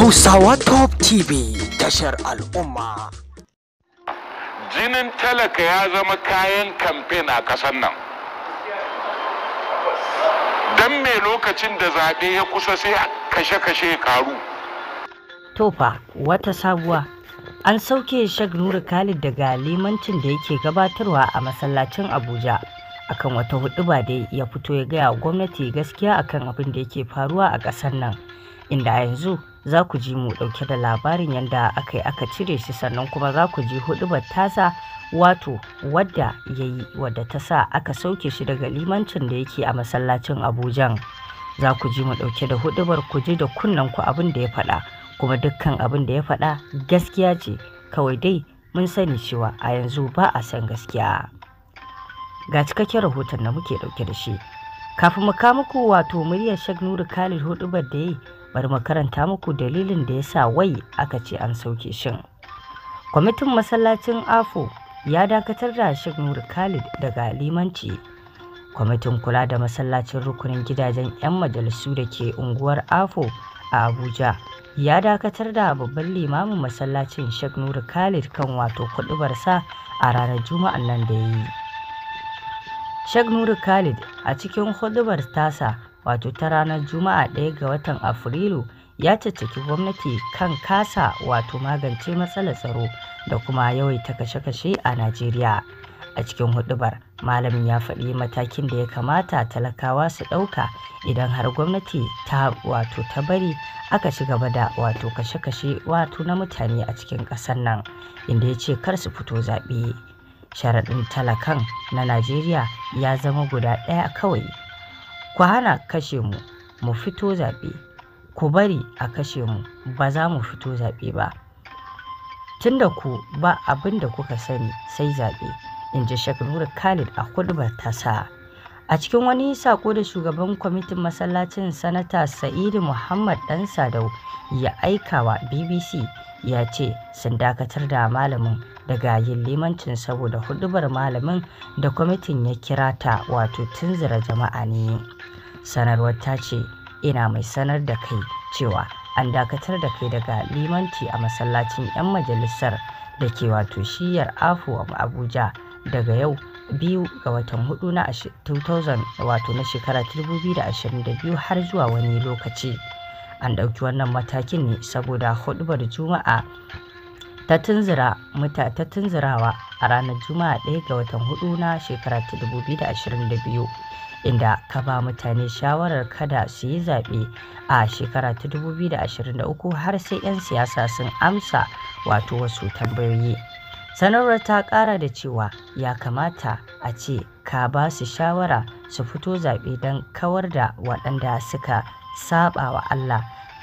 Hausawa Top TV tashar al'umma. Jinin talaka ya zama kayan kamfen a ƙasar nan. Don me lokacin da zaɓe ya kusa sai kashe-kashe karu. Tofa wata sabuwa an sauke Shag Nura Khalid daga limancin da yake gabatarwa a masallacin Abuja. akan wata hudu ba dai ya fito ya gaya gwamnati gaskiya akan abin da yake faruwa a ƙasar nan inda a yanzu za ku ji mu ɗauke da labarin yadda aka yi aka cire shi sannan kuma za ku ji hudubar tasa wato wadda ya yi wadda ta sa aka sauke shi daga limancin da yake a masallacin abujan za ku ji mu ɗauke da hudubar ku ji da kunnen ku abin da ya faɗa kuma dukkan abin da ya faɗa gaskiya ce kawai dai mun sani cewa a yanzu ba a san gaskiya ga cikakken rahoton da muke ɗauke da shi kafin mu kawo muku wato muryar shek nuru khalid hudubar da ya yi bari mu karanta muku dalilin da ya sa wai aka ce an sauke shin kwamitin masallacin afo ya dakatar da nur khalid daga limanci kwamitin kula da masallacin rukunin gidajen 'yan majalisu da ke unguwar afo a abuja ya dakatar da babban limamin masallacin Sheikh nur Khalid kan wato kudubarsa a ranar Juma'an nan da ya yi. Sheikh nur Khalid a cikin hudubar tasa wato ta ranar Juma'a ɗaya ga watan Afrilu ya caccaki gwamnati kan kasa wato magance matsalar tsaro da kuma yawaita kashe-kashe a Najeriya. A cikin hudubar, malamin ya faɗi matakin da ya kamata talakawa su ɗauka idan har gwamnati ta wato ta bari aka ci gaba da wato kashe-kashe wato na mutane a cikin ƙasar nan inda ya ce kar su fito zaɓe. Sharaɗin talakan na Najeriya ya zama guda ɗaya kawai Ku hana kashe mu, mu fito zaɓe. Ku bari a kashe mu, ba za mu fito zaɓe ba. Tunda ku ba abin da kuka sani sai zaɓe, in ji Sheikh Khalid a ta tasa. a cikin wani sako da shugaban kwamitin masallacin sanata sa'idu muhammad dan sadau ya aika wa bbc ya ce sun dakatar da malamin daga yin limancin saboda hudubar malamin da kwamitin ya kira ta wato tunzura jama'a ne sanarwar ta ce ina mai sanar da kai cewa an dakatar da kai daga limanci a masallacin 'yan majalisar da ke wato shiyar afo abuja daga yau biyu ga watan hudu na 2000 wato na shekara 2022 har zuwa wani lokaci an ɗauki wannan matakin ne saboda hudubar juma'a ta tunzura muta ta tunzurawa a ranar juma'a ɗaya ga watan hudu na shekara 2022 inda ka ba mutane shawarar kada su yi zaɓe a shekara 2023 har sai 'yan siyasa sun amsa wato wasu tambayoyi. Sanarwar ta ƙara da cewa ya kamata a ce ka ba su shawara su fito zaɓe don kawar da waɗanda suka saɓa wa Allah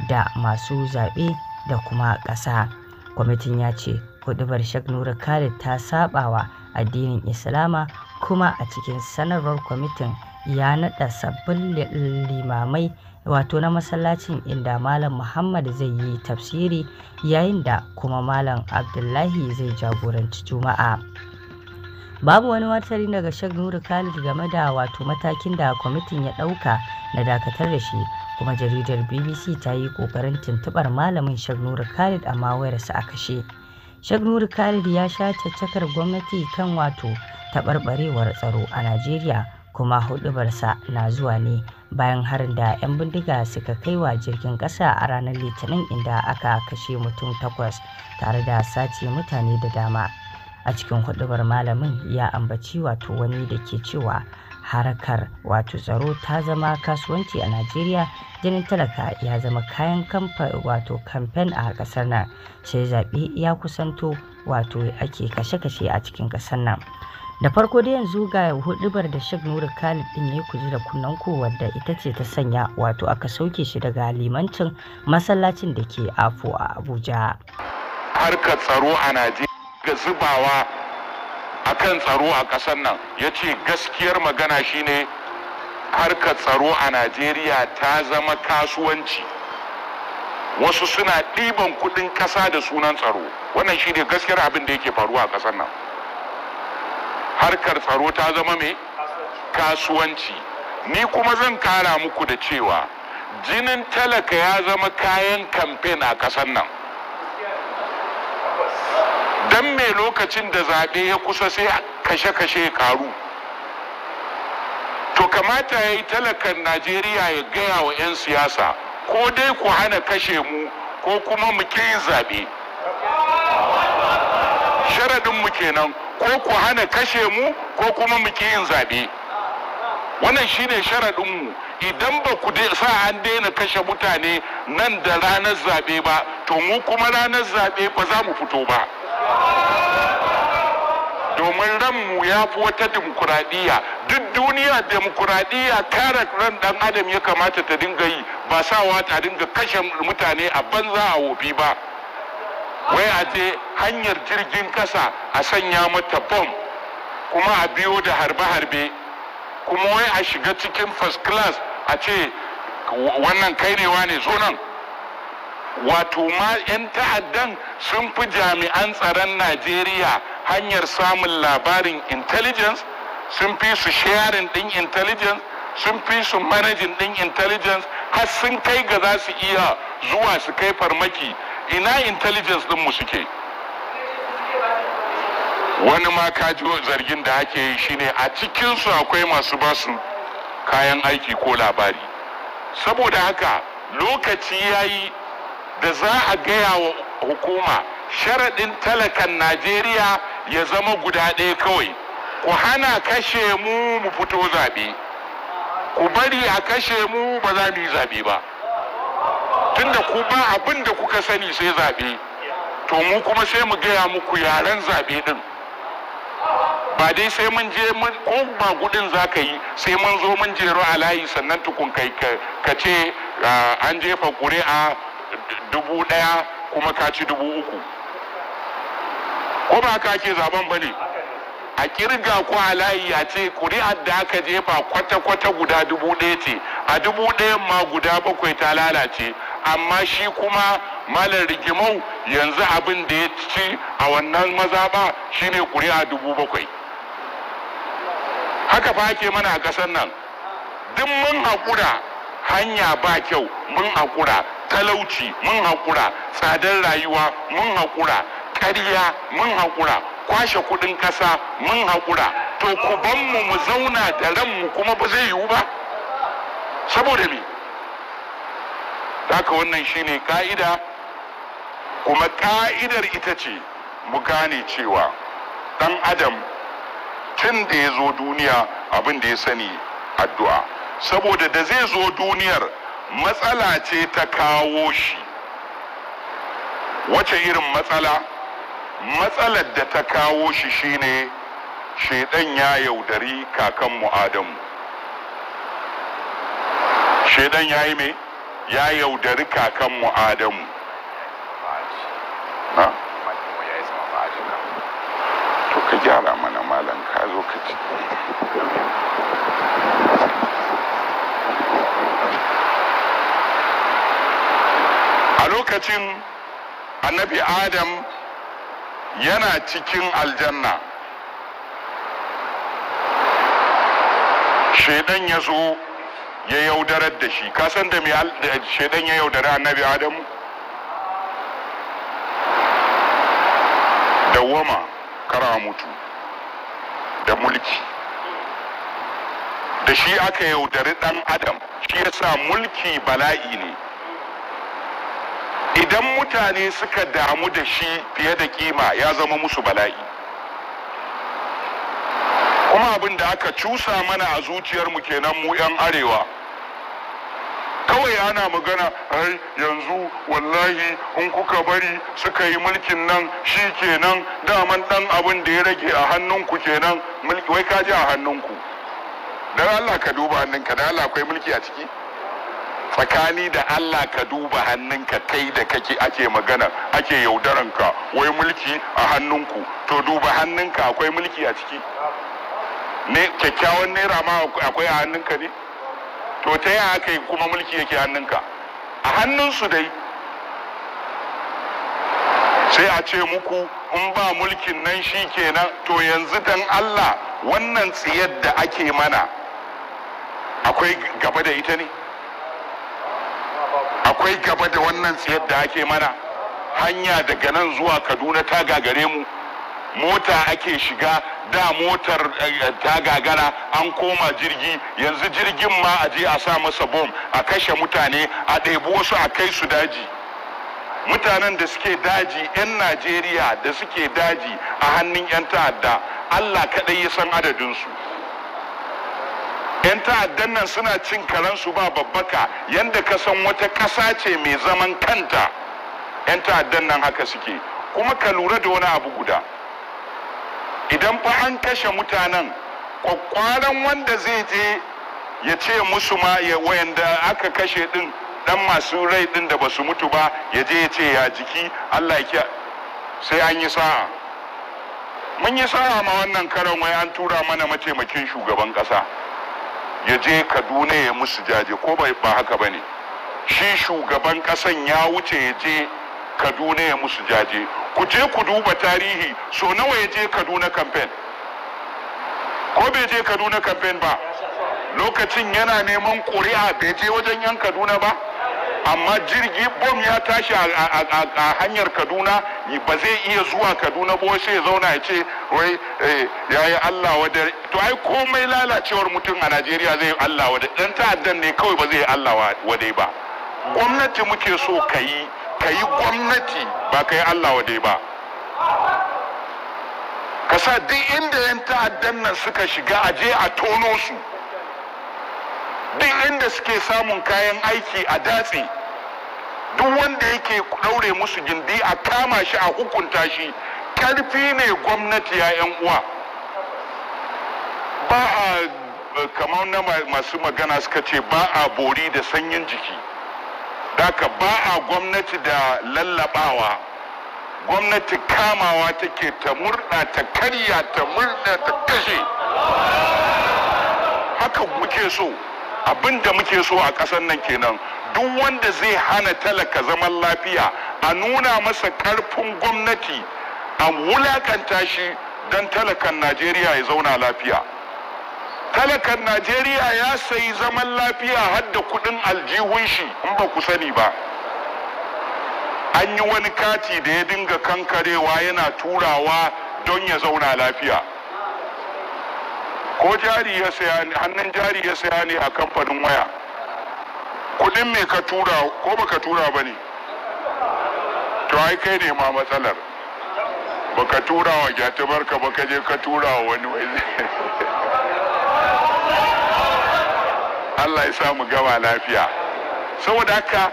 da masu zaɓe da kuma ƙasa. Kwamitin ya ce huɗubar Sheikh Nura Khalid ta saɓa wa addinin Islama kuma a cikin sanarwar kwamitin ya naɗa sabbin limamai wato na masallacin inda malam muhammad zai yi tafsiri yayin da kuma malam abdullahi zai jagoranci juma'a babu wani watari daga shek nuru khalid game da wato matakin da kwamitin ya ɗauka na dakatar da shi kuma jaridar bbc ta yi ƙoƙarin tuntuɓar malamin shek nuru khalid amma wayarsa a kashe shek nuru khalid ya sha caccakar gwamnati kan wato taɓarɓarewar tsaro a najeriya kuma hudubarsa na zuwa ne bayan harin da 'yan bindiga suka kai wa jirgin ƙasa a ranar litinin inda aka kashe mutum takwas tare da sace mutane da dama a cikin huɗubar malamin ya ambaci wato wani da ke cewa harkar wato tsaro ta zama kasuwanci a najeriya jinin talaka ya zama kayan wato kamfen a ƙasar nan sai zaɓe ya kusanto wato ake kashe-kashe a cikin ƙasar nan da farko da yanzu ga hudubar da Sheikh Nuri Khalid din yayi kuji da kunnan ku wadda ita ce ta sanya wato aka sauke shi daga limancin masallacin da ke Afo a Abuja harkar tsaro a Najeriya zubawa akan tsaro a ƙasar nan ya ce gaskiyar magana shine harkar tsaro a Najeriya ta zama kasuwanci wasu suna ɗiban kuɗin ƙasa da sunan tsaro wannan shine gaskiyar abin da yake faruwa a ƙasar nan harkar tsaro ta zama mai kasuwanci ni kuma zan kara muku da cewa jinin talaka ya zama kayan kamfen a kasar nan don mai lokacin da zaɓe ya kusa sai kashe-kashe ya karu to kamata ya yi talakan najeriya ya gaya wa 'yan siyasa ko dai ku hana kashe mu ko kuma mu yin zaɓe sharadinmu kenan ko ku hana kashe mu ko kuma mu ke yin zaɓe wannan shine sharadinmu idan ba ku sa an daina kashe mutane nan da ranar zaɓe ba to mu kuma ranar zaɓe ba za mu fito ba domin ranmu ya fi wata demokuraɗiyya duk duniya demokuraɗiyya kare ran ɗan adam ya kamata ta dinga yi ba sawa ta dinga kashe mutane a banza a wofi ba wai a je hanyar jirgin kasa a sanya mata bom kuma a biyo da harbe-harbe kuma wai a shiga cikin first class a ce wannan kainewa ne zo wato ma 'yan ta'addan sun fi jami'an tsaron najeriya hanyar samun labarin intelligence sun fi su sharing din intelligence sun fi su managing din intelligence har sun kai ga za su iya zuwa su kai farmaki ina intelligence din mu suke wani ma ji zargin da ake yi shine a cikinsu akwai masu basu kayan aiki ko labari saboda haka lokaci yayi da za a gaya wa hukuma sharaɗin talakan najeriya ya zama guda ɗaya kawai ku hana kashe mu mu fito zaɓe ku bari a kashe mu ba za mu yi zaɓe ba tunda ku ba abin da kuka sani sai zaɓe to mu kuma sai mu gaya muku yaren zaɓe ɗin ba dai sai mun je mun ko ba gudun za ka yi sai mun zo mun jero a layi sannan tukun kai ka ce ah, an jefa ƙuri'a dubu ɗaya kuma ka ci dubu uku ko ba ka ke zaben ba ne a kirga ko a layi a ce kuri'ar da aka jefa kwata-kwata guda dubu ɗaya ce a dubu ɗayan ma guda bakwai ta lalace amma shi kuma malar rigimau yanzu abin da ya ci a wannan maza mazaba shine kuri'a dubu bakwai haka fa ake mana a ƙasar nan duk mun haƙura hanya ba kyau mun haƙura talauci mun haƙura tsadar rayuwa mun haƙura ƙarya mun haƙura kwashe kuɗin ƙasa mun haƙura to ku banmu mu zauna da ranmu kuma ba zai yiwu ba saboda me haka wannan shi ne ka'ida kuma ka'idar ita ce mu gane cewa ɗan adam tun da ya zo duniya abin da ya sani addu'a saboda da zai zo duniyar matsala ce ta kawo shi wace irin matsala matsalar da ta kawo shi shine shaidan ya yaudari kakanmu adamu shaidan ya yi mai ya yaudari kakanmu adamu to ka gyara mana malam ka zo ka ci a lokacin annabi adam yana cikin aljanna shaidan ya zo ya yaudarar da shi ka da shaidan ya yaudari annabi adamu wama kara mutu da mulki da shi aka yaudari dan adam shi yasa mulki bala'i ne idan mutane suka damu da shi fiye da kima ya zama musu bala'i kuma abin da aka cusa mana a zuciyarmu kenan mu 'yan arewa kawai ana magana ai yanzu wallahi in kuka bari suka yi mulkin nan shi kenan daman dan abin da ya rage a hannunku kenan mulki wai kaji a hannunku dan Allah ka duba hannunka dan Allah akwai mulki a ciki tsakani da Allah ka duba hannunka kai da kake ake magana ake yaudaranka wai mulki a hannunku to duba hannunka akwai mulki a ciki ne kyakkyawan naira ma akwai a hannunka ne to ta yaya aka yi kuma mulki yake hannunka a hannunsu dai sai a ce muku in ba mulkin nan shi kenan to yanzu dan Allah wannan tsiyar da ake mana akwai gaba da ita ne akwai gaba da wannan tsiyar da ake mana hanya daga nan zuwa kaduna ta gagare mu mota ake shiga da motar eh, ta gagara an koma jirgi yanzu jirgin ma a je a sa masa bom a kashe mutane a ɗebi wasu a kai su daji mutanen da suke daji 'yan najeriya da suke daji a hannun 'yan ta'adda allah kaɗai ya san adadinsu 'yan ta'addan nan suna cin karansu ba babbaka yadda ka san wata ƙasa ce mai zaman kanta 'yan ta'addan nan haka suke kuma ka lura da wani abu guda idan fa an kashe mutanen kwakwaran wanda zai je ya ce musu ma ya wayanda aka kashe din dan masu rai din da basu mutu ba ya je ya ce ya jiki Allah ya sai an yi sa'a mun yi sa'a ma wannan karan wai an tura mana mataimakin shugaban kasa ya je Kaduna ya musu jaje ko ba haka bane shi shugaban kasan ya wuce ya je kaduna ya musu jaje ku je ku duba tarihi so nawa ya je kaduna campaign ko bai je kaduna campaign ba lokacin yana neman ƙuri'a bai je wajen yan kaduna ba amma jirgi bom ya tashi a hanyar kaduna ba zai iya zuwa kaduna ba sai ya zauna ya ce wai eh, ya yi allah wadda to ai komai lalacewar mutum a najeriya zai yi allah wadda dan ta'addan ne kawai ba zai yi allah wadai ba gwamnati muke so ka yi ka yi gwamnati ba ka yi Allah dai ba ka sa duk inda yan ta'addan nan suka shiga a je a tono su duk inda suke samun kayan aiki a datse duk wanda yake ɗaure musu gindi a kama shi a hukunta shi ƙarfi ne gwamnati ya yan uwa ba a kamar na masu magana suka ce ba a bori da sanyin jiki Daka ba a gwamnati da lallabawa gwamnati kamawa take ta murna ta karya ta murna ta kashe haka muke so abin da muke so a ƙasar nan kenan duk wanda zai hana talaka zaman lafiya a nuna masa ƙarfin gwamnati a wulakanta shi don talakan najeriya ya zauna lafiya halakar najeriya ya sayi zaman lafiya har da kudin aljihun shi in ba ku sani ba an yi wani kati da ya dinga kankarewa yana turawa don ya zauna lafiya ko jari ya saya ne hannun jari ya saya ne a kamfanin waya kudin me ka tura ko baka tura ba ne to ai kai ne ma matsalar ka tura wa ba ka je ka tura wa wani wani Allah ya samu gama lafiya saboda haka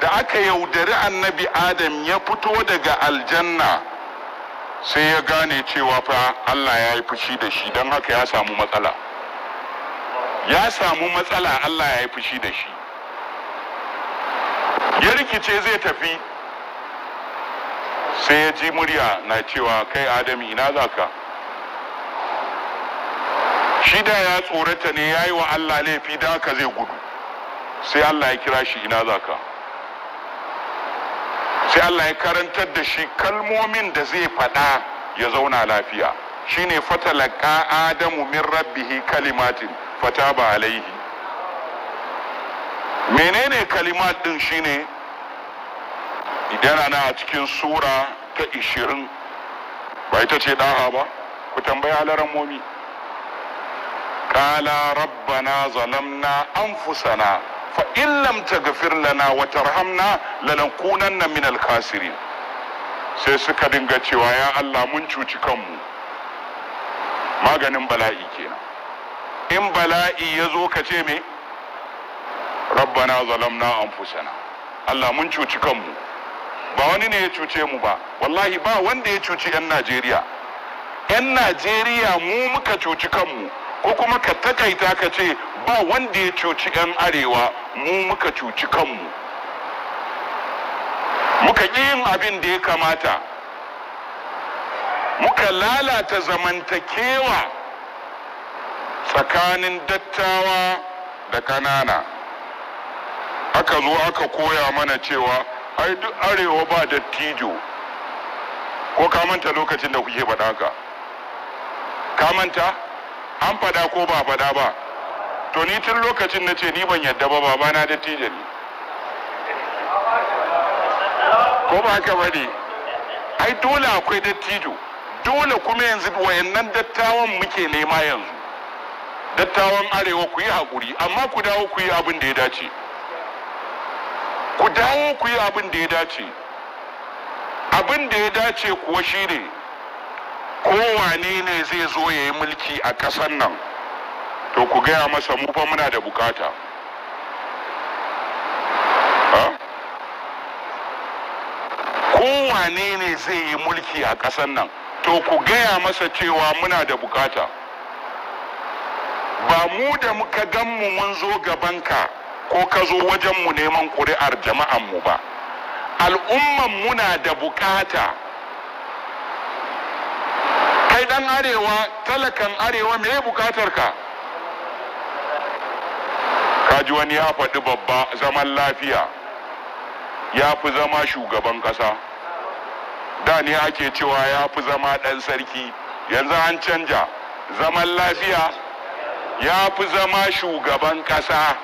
da aka yaudari annabi adam ya fito daga aljanna sai ya gane cewa fa Allah ya yi fushi da shi don haka ya samu matsala ya samu matsala Allah ya yi fushi da shi ya rikice zai tafi sai ya ji murya na cewa kai adam ina za ka shi da ya tsorata ne ya yi wa Allah laifi da haka zai gudu sai Allah ya kira shi ina zaka sai Allah ya karantar da shi kalmomin da zai faɗa ya zauna lafiya shine fatalaka adamu min rabbihi kalimatin fata ba alaihi menene kalimat din shi ne idan ana a cikin sura ta ishirin ba ita ce ɗaha ba ku tambaya laran momi قالا ربنا ظلمنا أنفسنا فإن لم تغفر لنا وترحمنا لنكونن من الخاسرين sai suka dinga cewa ya Allah mun cuci kanmu maganin bala'i kenan in bala'i ya zo ka ce me rabbana zalamna anfusana Allah mun cuci kanmu ba wani ne ya cuce mu ba wallahi ba wanda ya cuci 'yan Najeriya 'yan Najeriya mu muka cuci kanmu ko kuma ka takaita ka ce ba wanda ya cuci 'yan arewa mu muka cuci kanmu muka ƙi yin abin da ya kamata muka lalata zamantakewa tsakanin dattawa da kanana aka zo aka koya mana cewa ai duk arewa ba da tijo ko ka manta lokacin da kuke faɗa ka manta an faɗa ko ba faɗa ba to ni tun lokacin na ce ni ban yadda ba babana da ne ko ba haka ba ai dole akwai dattijo dole kuma yanzu wayannan dattawan muke nema yanzu dattawan arewa ku yi haƙuri amma ku dawo ku yi abin da ya dace ku dawo ku yi abin da ya dace abin da ya dace kuwa shi ne. kowane ne zai zo ya yi mulki a ƙasar nan to ku gaya masa mu fa muna da bukata kowane ne zai yi mulki a ƙasar nan to ku gaya masa cewa muna da bukata ba mu da muka gan mu mun zo gabanka ko ka zo wajenmu neman ƙuri'ar jama'anmu ba al'umman muna da bukata kai dan arewa talakan arewa me bukatar ka kaji wani ya faɗi babba zaman lafiya ya fi zama shugaban ƙasa da ne ake cewa ya fi zama ɗan sarki yanzu an canja zaman lafiya ya fi zama shugaban ƙasa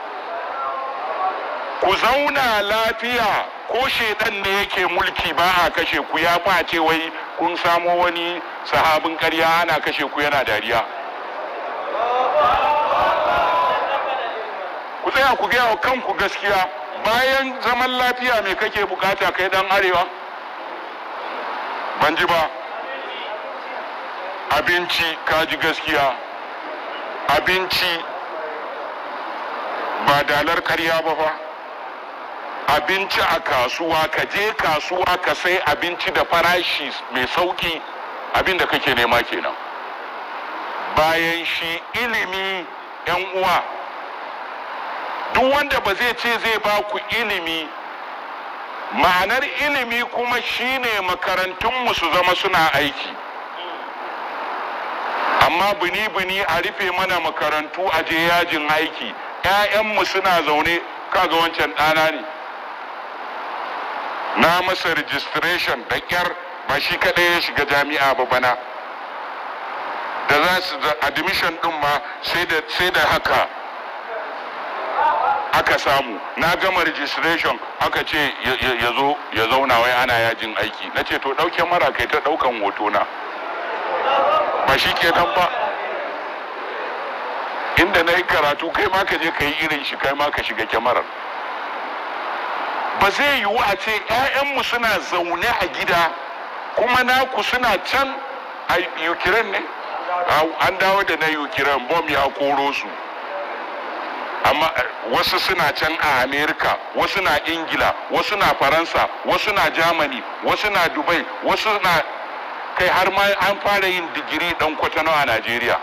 ku zauna lafiya ko shaidan ne yake mulki ba a kashe ku ya face wai kun samo wani sahabin karya ana kashe ku yana dariya ku tsaya ku gaya wa kanku gaskiya bayan zaman lafiya me kake bukata kai dan arewa ban ji ba abinci kaji gaskiya abinci ba dalar karya ba fa abinci a kasuwa ka je kasuwa ka sai abinci da farashi mai sauki abin da kake nema kenan bayan shi ilimi yan uwa duk wanda ba zai ce zai ba ku ilimi ma'anar ilimi kuma shine makarantunmu su zama suna aiki amma bini-bini a rufe mana makarantu a je yajin aiki 'ya'yanmu suna zaune kaga wancan ɗana ne na masa registration da kyar ba shi kaɗai ya shiga jami'a ba bana da za su da admission ɗin ma sai da haka aka samu na gama registration aka ce ya zauna wai ana yajin aiki na ce to ɗauke mara kai ta ɗaukan hoto ba shi ke nan ba inda na yi karatu kai ma ka je ka yi irin shi kai ma ka shiga kyamarar ba zai yiwu a ce 'ya'yanmu suna zaune a gida kuma naku suna can a ukraine ne an dawo da na ukraine bom ya koro su amma eh, wasu suna can a amerika wasu na ingila wasu na faransa wasu na germany wasu na dubai wasu na kai har ma an fara yin digiri dan kwatano a najeriya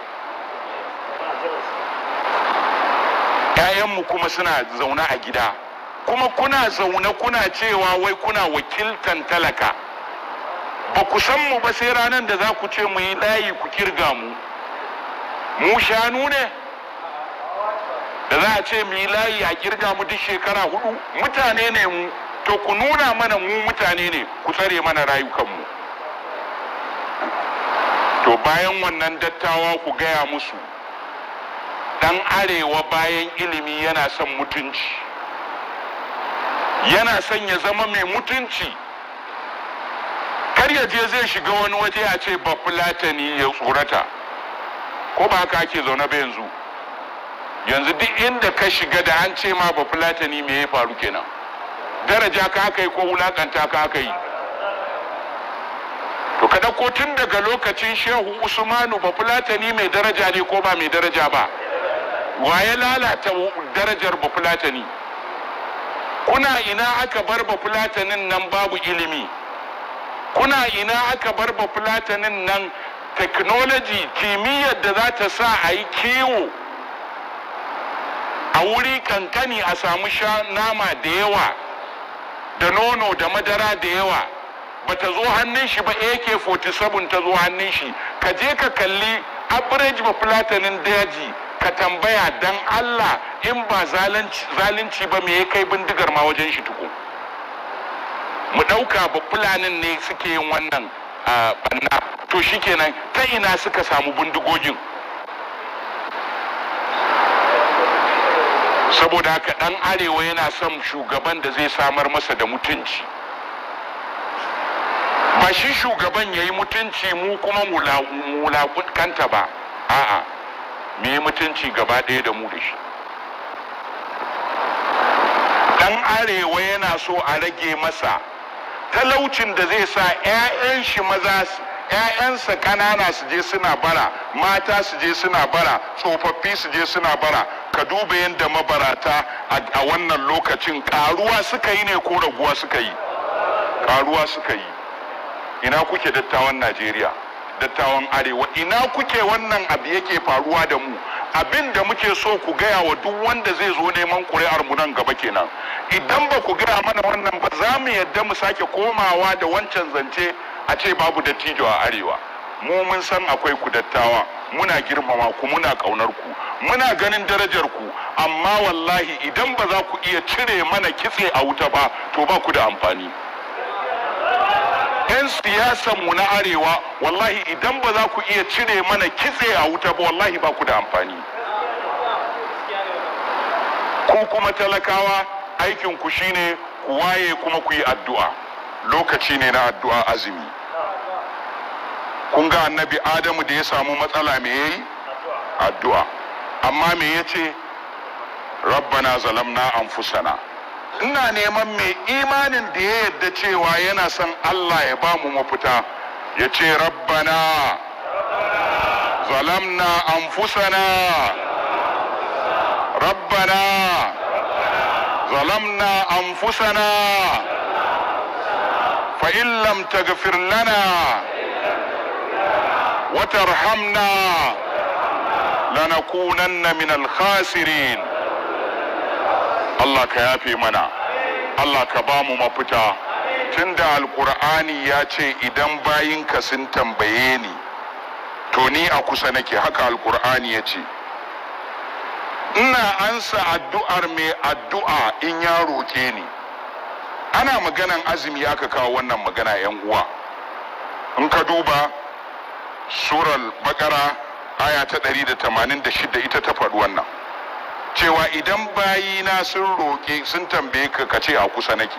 ‘ya'yanmu kuma suna zaune a gida kuma kuna zaune kuna cewa wai kuna wakiltan talaka ba ku san mu ba sai ranar da za ku ce mu yi layi ku kirga mu mu shanu ne da za a ce mu yi layi a kirga mu duk shekara hudu mutane ne mu to ku nuna mana mu mutane ne ku tsare mana rayukanmu to bayan wannan dattawa ku gaya musu dan arewa bayan ilimi yana son mutunci yana son ya zama mai mutunci kar ya je zai shiga wani waje a ce bafulatani ya tsorata ko ba haka ake zaune ba yanzu yanzu duk inda ka shiga da an ce ma bafulatani me ya faru kenan daraja ka aka yi ko wulakanta ka aka yi to kada ko tun daga lokacin shehu usmanu bafulatani mai daraja ne ko ba mai daraja ba waye lalata darajar bafulatani kuna ina aka bar ba fulatanin nan babu ilimi kuna ina aka bar ba fulatanin nan technology kimiyyar da za ta sa a yi kiwo a wuri kankani a samu sha nama da yawa da nono da madara da yawa ba ta zo hannun shi ba ak-47 ta zo hannun shi ka je ka kalli average ba fulatanin daji ka tambaya dan Allah in ba zalunci ba me ya kai bindigar ma wajen shi tuku mu ɗauka ba fulanin ne suke yin wannan banna to shikenan ta ina suka samu bindigogin saboda haka ɗan arewa yana son shugaban da zai samar masa da mutunci ba shi shugaban ya yi mutunci mu kuma mu ba a'a mu yi mutunci gaba ɗaya da mu da shi ɗan arewa yana so a rage masa talaucin da zai sa 'ya'yan shi maza ‘ya'yansa ƙanana su je suna bara mata su je suna bara tsofaffi su je suna bara ka duba yadda mabarata a wannan lokacin ƙaruwa suka yi ne ko raguwa suka yi suka yi ina kuke dattawan najeriya dattawan arewa ina kuke wannan abu yake faruwa da mu abin da muke so ku gaya wa duk wanda zai zo neman kuri'ar mu nan gaba kenan idan ba ku gaya mana wannan ba za mu yadda mu sake komawa da wancan zance a ce babu dattijo a arewa mu mun san akwai ku dattawa muna girmama ku muna kaunar ku muna ganin darajar ku amma wallahi idan ba za ku iya cire mana kitse a wuta ba to ba ku da amfani 'yan mu na arewa wallahi idan ba za ku iya cire mana kitse a wuta ba wallahi ba ku da amfani ku kuma talakawa aikinku shine ku waye kuma ku yi addu'a lokaci ne na addu'a azumi kun ga annabi adamu da ya samu matsala me yayi addu'a amma me yace rabbana zalamna anfusana ina neman mai imanin da ya yadda cewa yana son Allah ya ba mu mafita ya ce rabbana zalamna anfusana rabbana zalamna anfusana fa lam taghfir lana wa tarhamna lanakunanna min al-khasirin Allah ka yafe mana Allah ka ba mu mafita tunda alkur'ani ya ce idan bayinka sun tambaye ni to ni a kusa nake haka alkur'ani ya ce ina ansa addu'ar mai addu'a in ya roƙe ni ana maganan azumi aka kawo wannan magana yan uwa in ka duba surar bakara aya ta shida ita ta faɗi wannan cewa idan bayina sun roƙe sun tambaye ka ka ce a kusa nake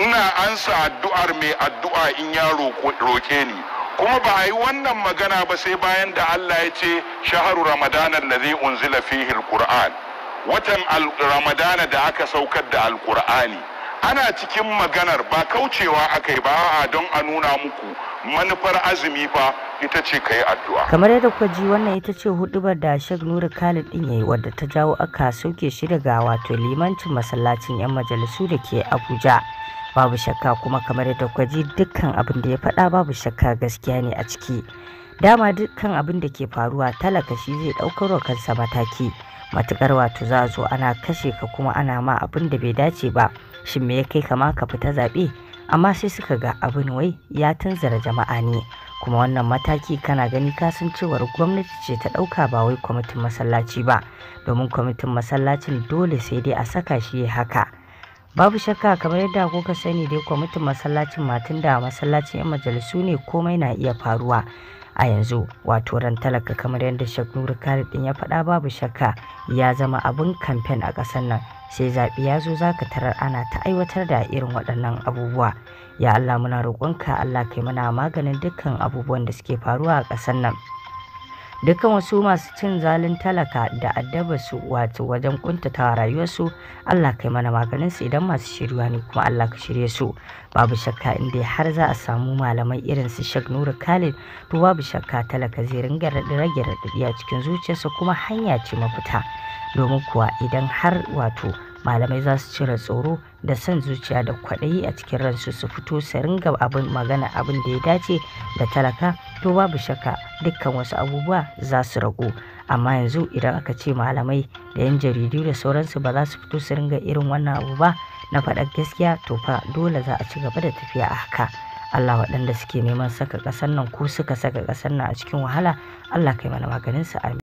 ina ansa addu'ar mai addu'a in ya roƙe ni kuma ba a yi wannan magana ba sai bayan da Allah ya ce shaharu ramadana zai unzila fihil qur'an watan ramadana da aka saukar da alqur'ani ana cikin maganar ba kaucewa aka yi ba a don a nuna muku manufar azumi fa ita ce ka yi addu'a. Kamar yadda kuka ji wannan ita ce hudubar da Sheikh Nuri Khalid din yayi wadda ta jawo aka sauke shi daga wato limancin masallacin 'yan majalisu da ke Abuja. Babu shakka kuma kamar yadda kuka ji dukkan abin da ya faɗa babu shakka gaskiya ne a ciki. Dama dukkan abin da ke faruwa talaka shi zai ɗaukar wa kansa mataki. Matukar wato za zo ana kashe ka kuma ana ma abin da bai dace ba. shin me ya kai kama ka fita zaɓe amma sai suka ga abin wai ya tunzara jama'a ne kuma wannan mataki kana gani kasancewar gwamnati ce ta ɗauka ba wai kwamitin masallaci ba domin kwamitin masallacin dole sai dai a saka shi haka babu shakka kamar yadda kuka sani dai kwamitin masallacin matun da masallacin 'yan majalisu ne komai na iya faruwa a yanzu wato ran talaka kamar yadda shek Nuru Khalid ya faɗa babu shakka ya zama abin kamfen a ƙasar nan sai zaɓi ya zo za ka tarar ana ta aiwatar da irin waɗannan abubuwa ya Allah muna roƙonka Allah kai muna maganin dukkan abubuwan da suke faruwa a ƙasar nan dukkan wasu masu cin zalin talaka da addaba su wato wajen ƙuntatawa rayuwarsu Allah kai mana maganin su idan masu shirya ne kuma Allah ka shirye su babu shakka inda har za a samu malamai irin su Sheikh Nuru Khalid to babu shakka talaka zai ringa rage a cikin zuciyarsa kuma hanya ce mafita domin kuwa idan har wato malamai za su cire tsoro da son zuciya da kwaɗayi a cikin ransu su fito su ringa abin magana abin da ya dace da talaka to babu shakka dukkan wasu abubuwa za su ragu amma yanzu idan aka ce malamai da yan jaridu da sauransu ba za su fito su ringa irin wannan abu ba na faɗar gaskiya to fa dole za a ci gaba da tafiya a haka Allah waɗanda suke neman saka ƙasar nan ko suka saka ƙasar nan a cikin wahala Allah kai mana maganinsa, amin